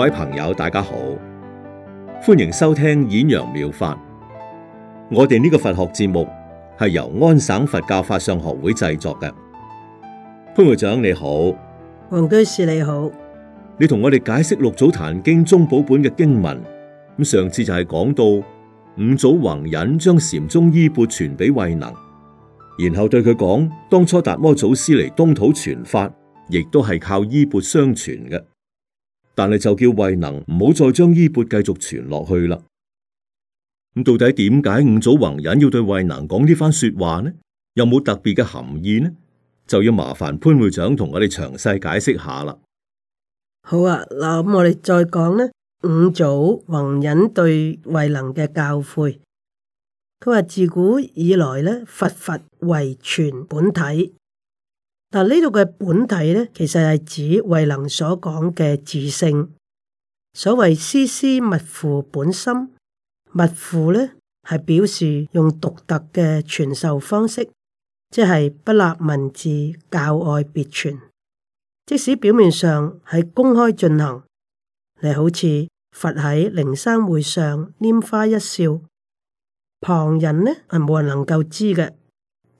各位朋友，大家好，歡迎收聽演揚妙，妙法。我哋呢個佛學節目係由安省佛教法相學會製作嘅。潘會長你好，黃居士你好，你同我哋解釋六祖壇經中寶本嘅經文。咁上次就係講到五祖弘忍將禪宗衣鉢傳俾慧能，然後對佢講，當初達摩祖師嚟東土傳法，亦都係靠衣鉢相傳嘅。但係就叫慧能唔好再將衣缽繼續傳落去啦。咁到底點解五祖弘忍要對慧能講呢番說話呢？有冇特別嘅含義呢？就要麻煩潘會長同我哋詳細解釋下啦。好啊，嗱咁我哋再講呢五祖弘忍對慧能嘅教誨。佢話自古以來咧，佛佛惟傳本體。但呢度嘅本體咧，其實係指慧能所講嘅自性。所謂師師密付本心，密付呢咧係表示用獨特嘅傳授方式，即係不立文字，教外別傳。即使表面上係公開進行，你好似佛喺靈山會上拈花一笑，旁人呢係冇人能夠知嘅。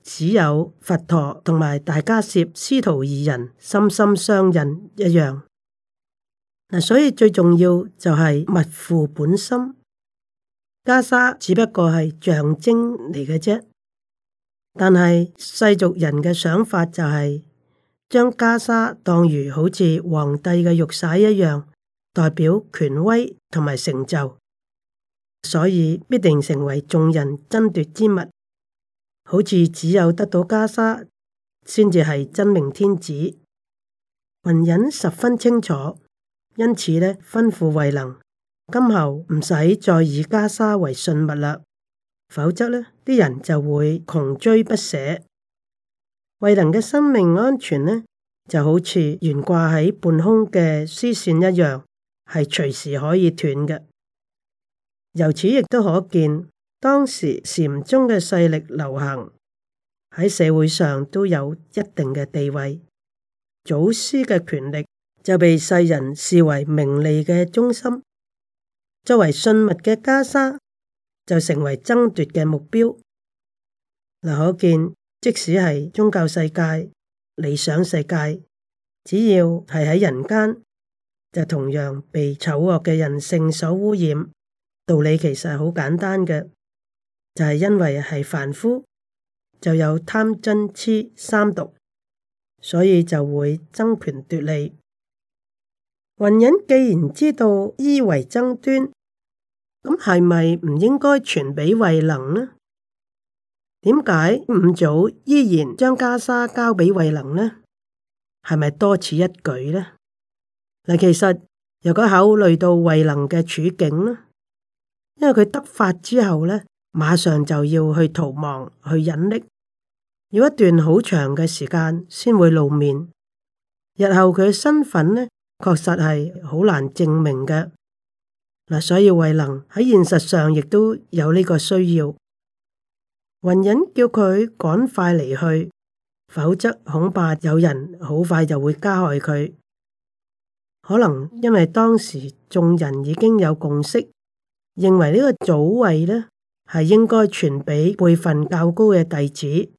只有佛陀同埋大家攝師徒二人心心相印一樣，嗱，所以最重要就係勿負本心。袈裟只不過係象徵嚟嘅啫，但係世俗人嘅想法就係、是，將袈裟當如好似皇帝嘅玉璽一樣，代表權威同埋成就，所以必定成為眾人爭奪之物。好似只有得到袈裟，先至係真命天子。雲隱十分清楚，因此呢吩咐慧能，今後唔使再以袈裟為信物啦。否則呢啲人就會窮追不捨。慧能嘅生命安全呢就好似懸掛喺半空嘅絲線一樣，係隨時可以斷嘅。由此亦都可見。當時禪宗嘅勢力流行，喺社會上都有一定嘅地位，祖師嘅權力就被世人視為名利嘅中心，作為信物嘅袈裟，就成為爭奪嘅目標。嗱，可見，即使係宗教世界、理想世界，只要係喺人間，就同樣被醜惡嘅人性所污染。道理其實係好簡單嘅。就係因為係凡夫就有貪、瞋、痴三毒，所以就會爭權奪利。弘忍既然知道衣為爭端，咁係咪唔應該傳俾慧能呢？點解五祖依然將袈裟交俾慧能呢？係咪多此一舉呢？嗱，其實如果考慮到慧能嘅處境呢，因為佢得法之後呢，馬上就要去逃亡，去隱匿，要一段好長嘅時間先會露面。日後佢身份呢，確實係好難證明嘅。嗱，所以慧能喺現實上亦都有呢個需要。云隱叫佢趕快離去，否則恐怕有人好快就會加害佢。可能因為當時眾人已經有共識，認為呢個祖位呢，係應該傳俾輩份較高嘅弟子，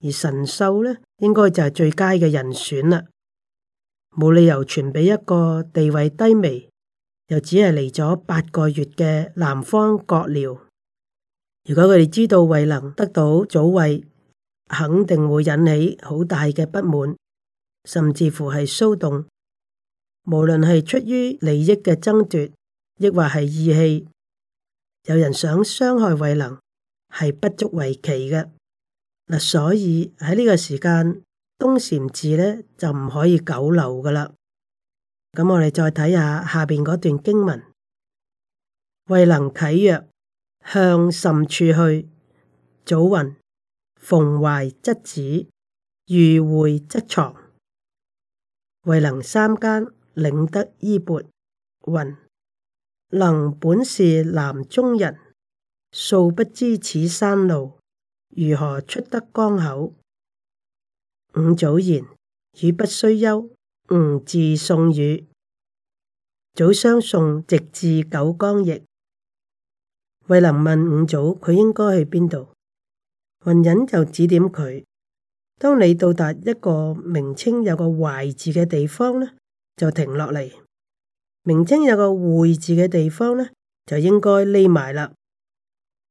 而神秀呢應該就係最佳嘅人選啦。冇理由傳俾一個地位低微又只係嚟咗八個月嘅南方獦獠。如果佢哋知道慧能得到祖位，肯定會引起好大嘅不滿，甚至乎係騷動。無論係出於利益嘅爭奪，亦或係意氣。有人想傷害慧能，係不足為奇嘅。嗱，所以喺呢個時間，東禪寺咧就唔可以久留噶啦。咁我哋再睇下下邊嗰段經文：慧能啟曰：向甚處去？祖云：逢懷則止，遇會則藏。慧能三間，領得衣缽云。能本是南中人，素不知此山路如何出得江口。五祖言：汝不須憂，吾自送汝。祖相送直至九江驛。慧能問五祖佢應該去邊度？弘忍就指點佢：當你到達一個名稱有個懷字嘅地方呢，就停落嚟。名稱有個會字嘅地方呢，就應該匿埋啦。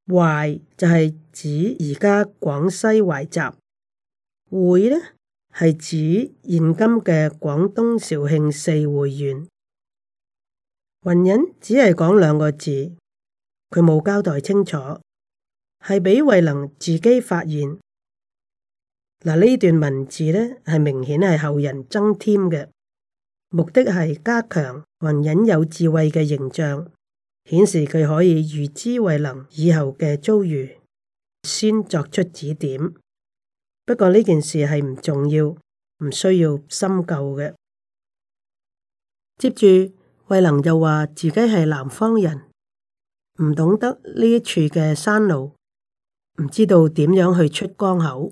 懷就係指而家廣西懷集，會呢係指現今嘅廣東肇慶四會縣。雲隱只係講兩個字，佢冇交代清楚，係俾慧能自己發現。嗱呢段文字呢，係明顯係後人增添嘅。目的係加強雲隱有智慧嘅形象，顯示佢可以預知慧能以後嘅遭遇，先作出指點。不過呢件事係唔重要，唔需要深究嘅。接住慧能又話自己係南方人，唔懂得呢處嘅山路，唔知道點樣去出江口。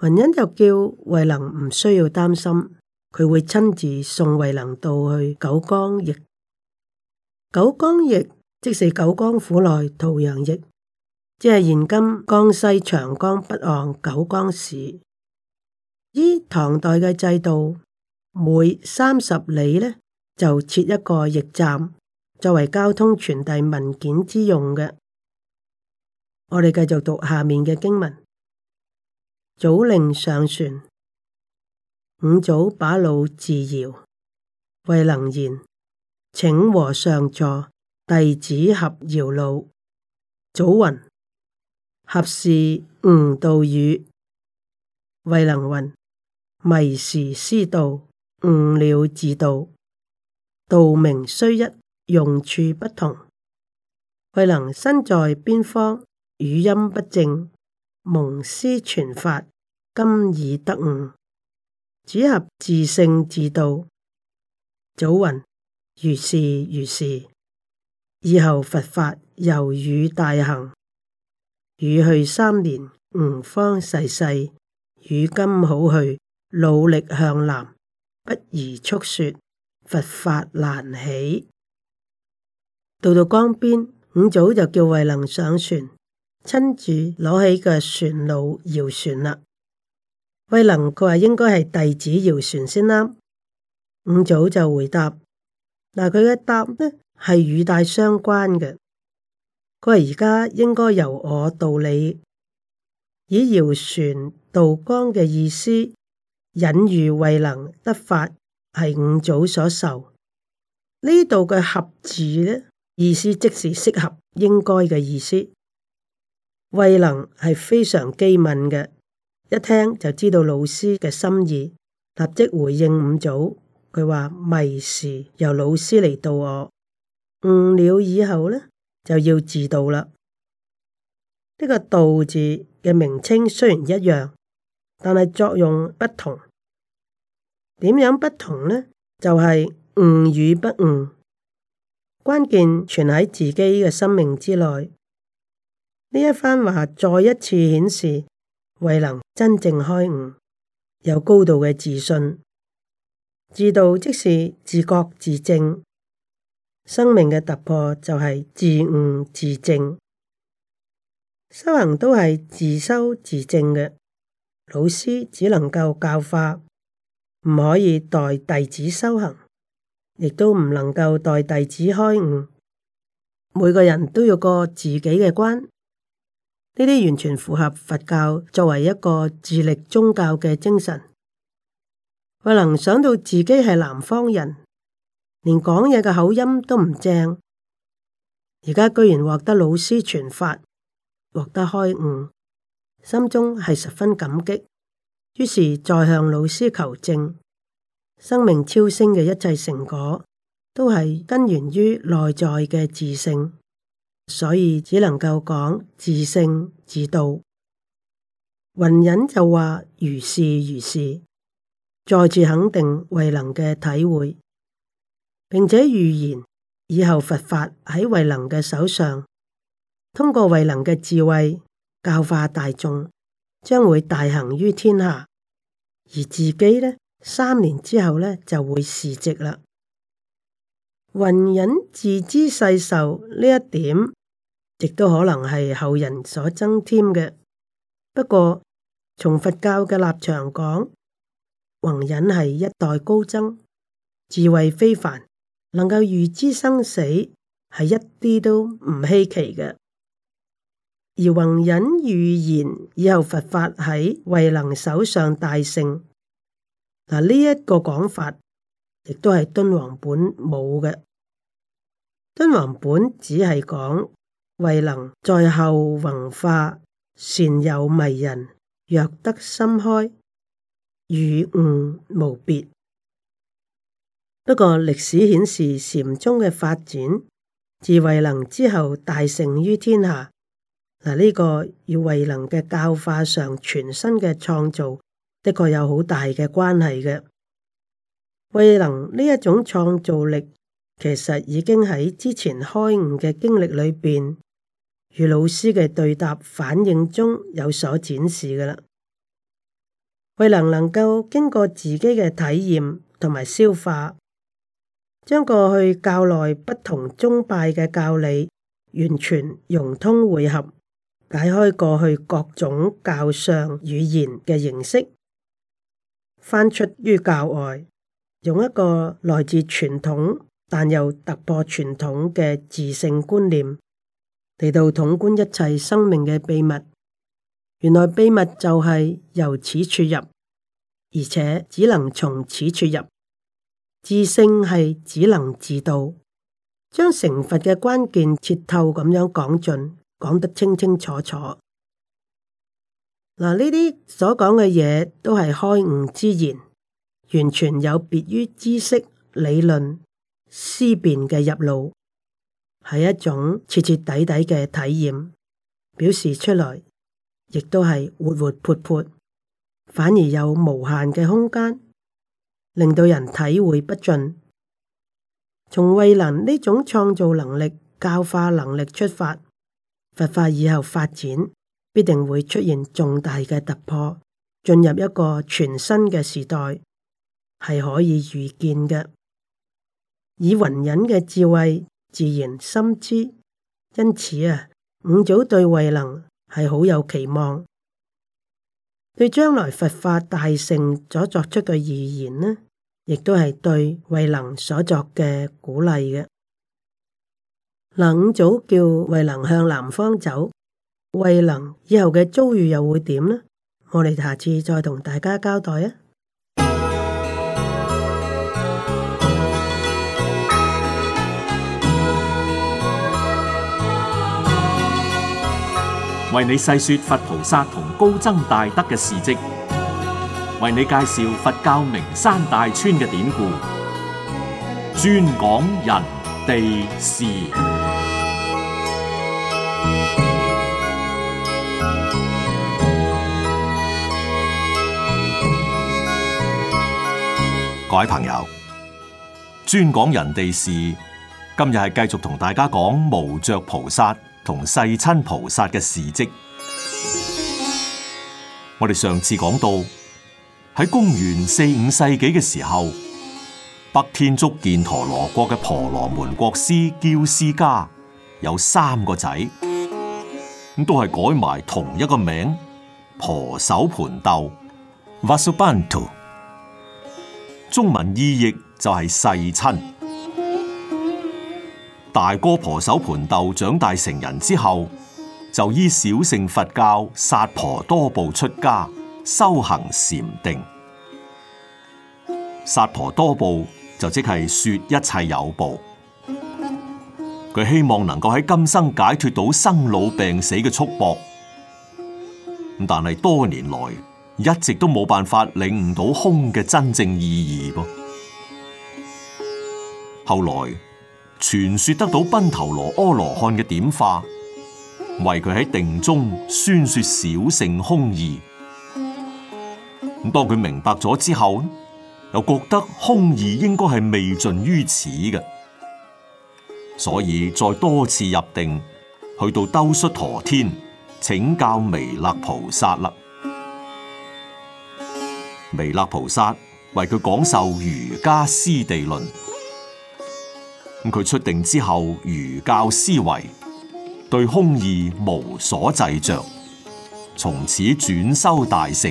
雲隱就叫慧能唔需要擔心。佢會親自送惠能到去九江驛。九江驛即是九江府內涂陽驛，即係現今江西長江北岸九江市。依唐代嘅制度，每三十里呢就設一個驛站，作為交通傳遞文件之用嘅。我哋繼續讀下面嘅經文：祖令上船。五祖把老自搖，慧能言，請和尚坐，弟子合搖老祖云，合是悟道語，慧能云，迷時師道，悟了自道，道名雖一，用處不同。慧能身在邊方，語音不正，蒙師傳法，今已得悟。只合自性自度，祖云：如是如是。以後佛法猶如大行，如去三年，吾方逝世,世。如今好去，努力向南，不宜速說。佛法難起。到到江邊，五祖就叫慧能上船，親自攞起個船橹搖船啦。惠能佢話應該係弟子搖船先啱，五祖就回答嗱，佢嘅答呢係語帶相關嘅。佢話而家應該由我渡你，以搖船渡江嘅意思，引喻惠能得法係五祖所授。呢度嘅合字呢，意思即是適合應該嘅意思。惠能係非常機敏嘅。一聽就知道老師嘅心意，立即回應五祖。佢話，迷時由老師嚟導我，悟了以後呢就要自導啦。呢個導字嘅名稱雖然一樣，但係作用不同。點樣不同呢？就係悟與不悟，關鍵全喺自己嘅生命之內。呢一番話再一次顯示。未能真正開悟，有高度嘅自信，自度即是自覺自正。生命嘅突破就係自悟自正，修行都係自修自正嘅。老師只能夠教化，唔可以代弟子修行，亦都唔能夠代弟子開悟。每個人都要過自己嘅關。呢啲完全符合佛教作為一個自力宗教嘅精神，惠能想到自己係南方人，連講嘢嘅口音都唔正，而家居然獲得老師傳法，獲得開悟，心中係十分感激。於是再向老師求證，生命超升嘅一切成果，都係根源於內在嘅自性。所以只能夠講自性自度，雲隱就話如是如是，再次肯定慧能嘅體會，並且預言以後佛法喺慧能嘅手上，通過慧能嘅智慧教化大眾，將會大行於天下。而自己呢，三年之後呢，就會示寂啦。雲隱自知世壽呢一點。亦都可能係後人所增添嘅，不過從佛教嘅立場講，弘忍係一代高僧，智慧非凡，能夠預知生死，係一啲都唔稀奇嘅。而弘忍預言以後佛法喺慧能手上大盛，嗱，呢一個講法亦都係敦煌本冇嘅，敦煌本只係講。慧能在後弘化，善有迷人，若得心開，與悟無別。不過歷史顯示禪宗嘅發展，自慧能之後大盛於天下。嗱、這、呢個與慧能嘅教化上全新嘅創造，的確有好大嘅關係嘅。慧能呢一種創造力，其實已經喺之前開悟嘅經歷裏邊。與老師嘅對答反應中有所展示噶啦，未能能夠經過自己嘅體驗同埋消化，將過去教內不同宗派嘅教理完全融通會合，解開過去各種教上語言嘅形式，翻出於教外，用一個來自傳統但又突破傳統嘅自性觀念。嚟到統觀一切生命嘅秘密，原來秘密就係由此處入，而且只能從此處入。自性係只能自導，將成佛嘅關鍵切透咁樣講盡，講得清清楚楚。嗱，呢啲所講嘅嘢都係開悟之言，完全有別於知識、理論、思辨嘅入路。係一種徹徹底底嘅體驗，表示出來亦都係活活潑潑，反而有無限嘅空間，令到人體會不盡。從慧能呢種創造能力、教化能力出發，佛法以後發展必定會出現重大嘅突破，進入一個全新嘅時代，係可以預見嘅。以雲隱嘅智慧，自然深知，因此啊，五祖對慧能係好有期望，對將來佛法大成所作出嘅預言呢，亦都係對慧能所作嘅鼓勵嘅。嗱，五祖叫慧能向南方走，慧能以後嘅遭遇，又會點呢？我哋下次再同大家交代啊。為你細說佛菩薩同高僧大德嘅事跡，為你介紹佛教名山大川嘅典故，專講人哋事。各位朋友，專講人哋事，今日係繼續同大家講無着菩薩。同世親菩薩嘅事蹟，我哋上次講到喺公元四五世紀嘅時候，北天竺健陀羅國嘅婆羅門國師憍尸迦，有三個仔，咁都係改埋同一個名婆藪槃豆 Vasubandhu，中文意譯就係世親。大哥婆守盤豆長大成人之後，就依小乘佛教薩婆多部出家修行禪定。薩婆多部就即係說一切有部，佢希望能夠喺今生解脫到生老病死嘅束縛。但係多年來一直都冇辦法領悟到空嘅真正意義噃。後來。傳說得到奔頭羅阿羅漢嘅點化，為佢喺定中宣說小乘空義。咁當佢明白咗之後，又覺得空義應該係未盡於此嘅，所以再多次入定，去到兜率陀天請教彌勒菩薩啦。彌勒菩薩為佢講授《瑜伽師地論》。咁佢出定之後，如教思維，對空義無所制着，從此轉修大乘，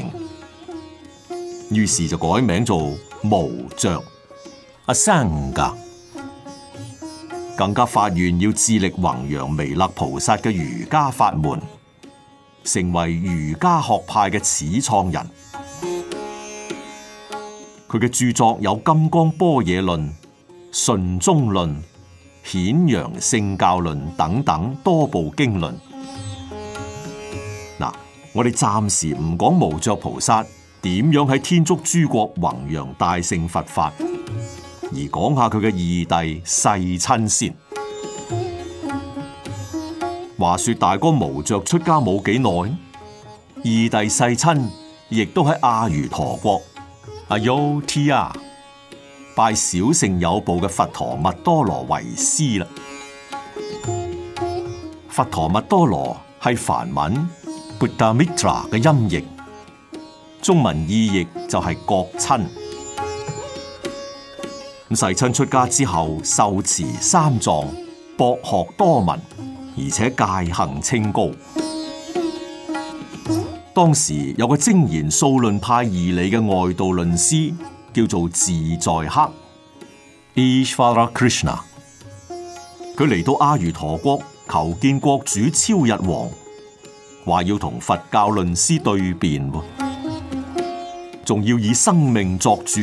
於是就改名做無着阿僧伽，更加發願要致力弘揚彌勒菩薩嘅瑜伽法門，成為瑜伽學派嘅始創人。佢嘅著作有金剛般《金剛般若論》。《順中論》《顯揚聖教論》等等多部經論。嗱，我哋暫時唔講無著菩薩點樣喺天竺諸國弘揚大乘佛法，而講下佢嘅二弟世親先。話說大哥無著出家冇幾耐，二弟世親亦都喺阿如陀國。阿 U T 啊！拜小乘有部嘅佛陀蜜多羅為師啦。佛陀蜜多羅係梵文 Buddhamitra 嘅音譯，中文意譯就係國親。咁世親出家之後，受持三藏，博學多聞，而且戒行清高。當時有個精研數論派義理嘅外道論師。叫做自在黑，Ishvara Krishna。佢嚟到阿瑜陀國求見國主超日王，話要同佛教論師對辯，仲要以生命作注，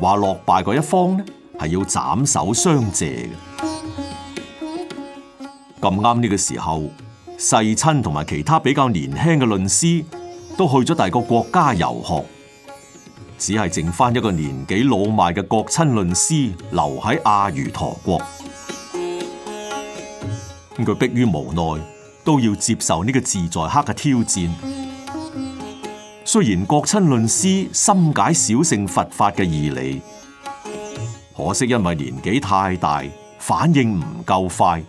話落敗嗰一方呢係要斬首相謝嘅。咁啱呢個時候，世親同埋其他比較年輕嘅論師都去咗第個國家遊學。只係剩翻一個年紀老邁嘅國親論師留喺阿踰陀國，佢迫於無奈都要接受呢個自在黑嘅挑戰。雖然國親論師深解小乘佛法嘅義理，可惜因為年紀太大，反應唔夠快，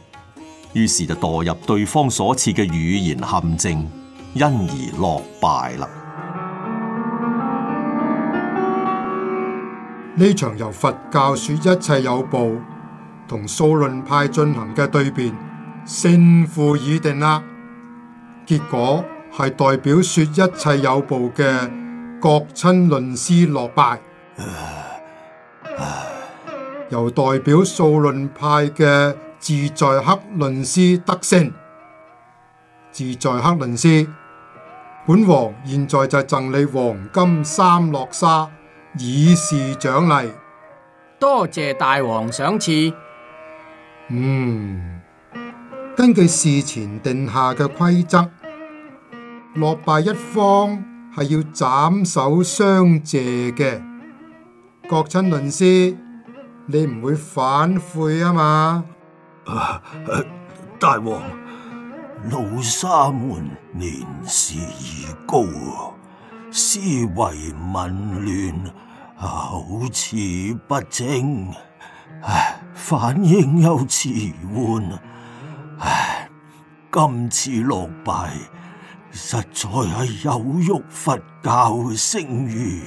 於是就墮入對方所設嘅語言陷阱，因而落敗啦。呢場由佛教說一切有部同數論派進行嘅對辯，勝負已定啦。結果係代表說一切有部嘅國親論師落敗，啊啊、由代表數論派嘅自在黑論師得勝。自在黑論師，本王現在就贈你黃金三落沙。以示獎勵。多謝大王賞賜。嗯，根據事前定下嘅規則，落敗一方係要斬首相謝嘅。國親論師，你唔會反悔啊嘛、啊啊？大王，老沙門年事已高，思維紊亂。口齒不清，反應又遲緩，唉，今次落敗實在係有辱佛教嘅聲譽，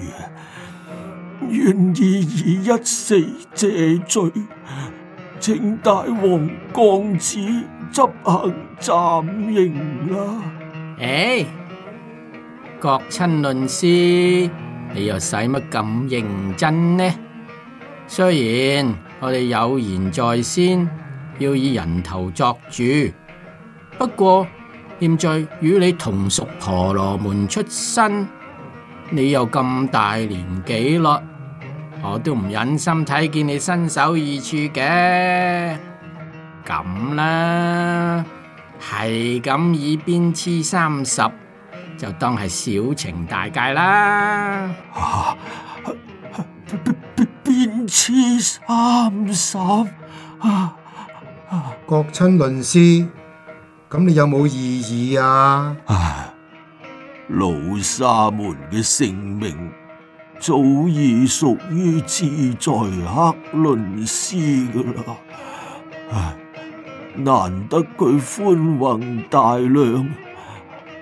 願意以一死謝罪，請大王降旨執行斬刑啦，啊！唉，欸，國親論師。你又使乜咁認真呢？雖然我哋有言在先，要以人頭作主，不過現在與你同屬婆羅門出身，你又咁大年紀咯，我都唔忍心睇見你身首異處嘅，咁啦，係咁以鞭笞三十。就當係小情大戒啦！變痴心神啊！國親論師，咁你有冇異議啊？老沙門嘅性命早已屬於自在克論師噶啦，難得佢寬宏大量。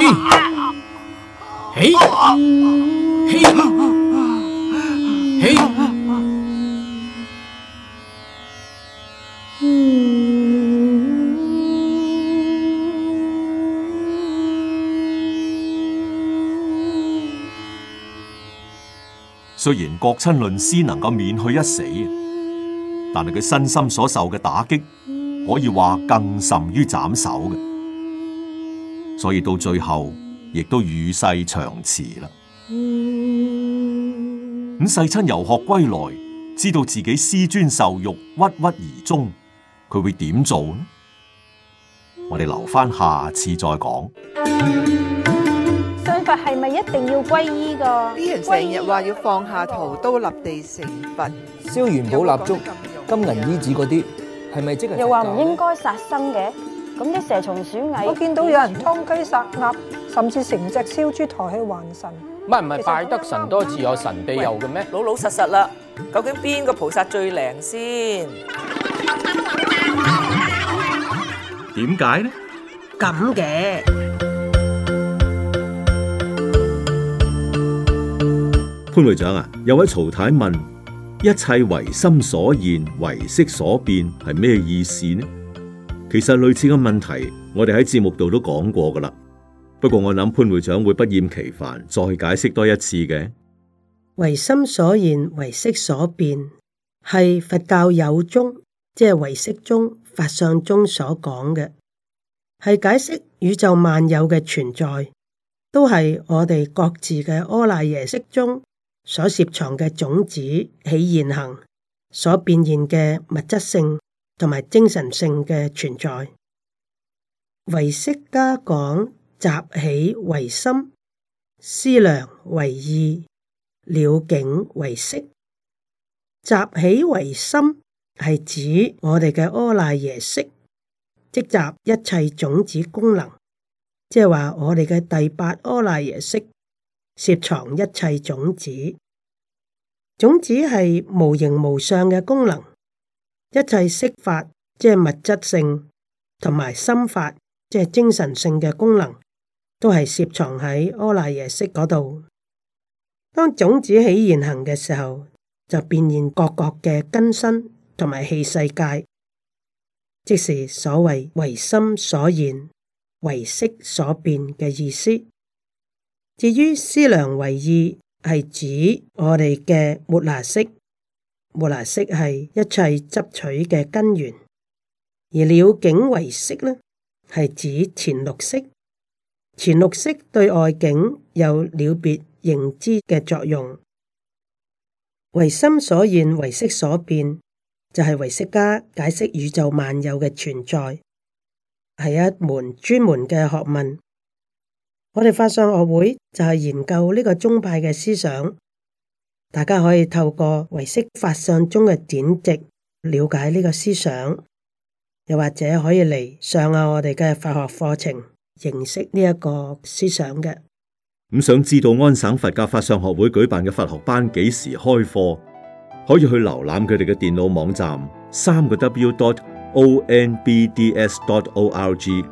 嘿，嘿，嘿，嘿。雖然國親論師能夠免去一死，但係佢身心所受嘅打擊，可以話更甚於斬首嘅。所以到最後亦都與世長辭啦。咁、嗯、世親遊學歸來，知道自己師尊受辱，鬱鬱而終，佢會點做呢？我哋留翻下，下次再講。信佛係咪一定要皈依㗎？啲人成日話要放下屠刀立地成佛，燒元寶、蠟燭完燭、燭金銀衣紙嗰啲，係咪、啊、即係又話唔應該殺生嘅？咁啲蛇蟲鼠蟻，我見到有人劏雞殺鴨，甚至成隻燒豬抬起還神。唔係唔係，拜得神多自有神庇佑嘅咩？老老實實啦，究竟邊個菩薩最靈先？點解呢？咁嘅潘會長啊，有位曹太問：一切唯心所現，唯識所變，係咩意思呢？其實類似嘅問題，我哋喺節目度都講過噶啦。不過我諗潘會長會不厭其煩再解釋多一次嘅。唯心所現，唯識所變，係佛教有宗，即係唯識宗、法相宗所講嘅，係解釋宇宙萬有嘅存在，都係我哋各自嘅阿賴耶識中所攝藏嘅種子起現行所變現嘅物質性。同埋精神性嘅存在，為識家講，集起為心，思量為意，了境為識。集起為心，係指我哋嘅阿賴耶識積集一切種子功能，即係話我哋嘅第八阿賴耶識攝藏一切種子。種子係無形無相嘅功能。一切色法，即係物質性，同埋心法，即係精神性嘅功能，都係攝藏喺阿賴耶識嗰度。當種子起現行嘅時候，就變現各各嘅根身同埋器世界，即是所謂唯心所現、唯色所變嘅意思。至於思量為意，係指我哋嘅末那識。末那識係一切執取嘅根源，而了境為識呢？係指前六識，前六識對外境有了別認知嘅作用。唯心所現，唯識所變，就係、是、唯識家解釋宇宙萬有嘅存在，係一門專門嘅學問。我哋法相學會就係研究呢個宗派嘅思想。大家可以透過唯識法相中嘅典籍了解呢個思想，又或者可以嚟上下我哋嘅佛學課程，認識呢一個思想嘅。咁想知道安省佛教法相學會舉辦嘅佛學班幾時開課？可以去瀏覽佢哋嘅電腦網站，三個 w.dot.onbds.dot.org。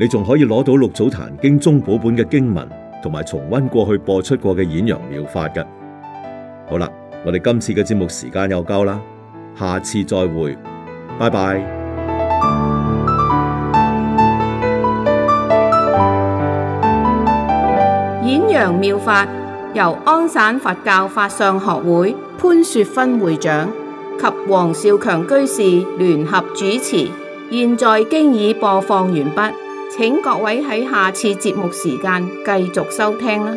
你仲可以攞到六祖壇經中寶本嘅經文，同埋重温過去播出過嘅演揚妙法嘅。好啦，我哋今次嘅節目時間又夠啦，下次再會，拜拜。演揚妙法由安省佛教法相學會潘雪芬會長及黃少強居士聯合主持，現在經已播放完畢，請各位喺下次節目時間繼續收聽啦。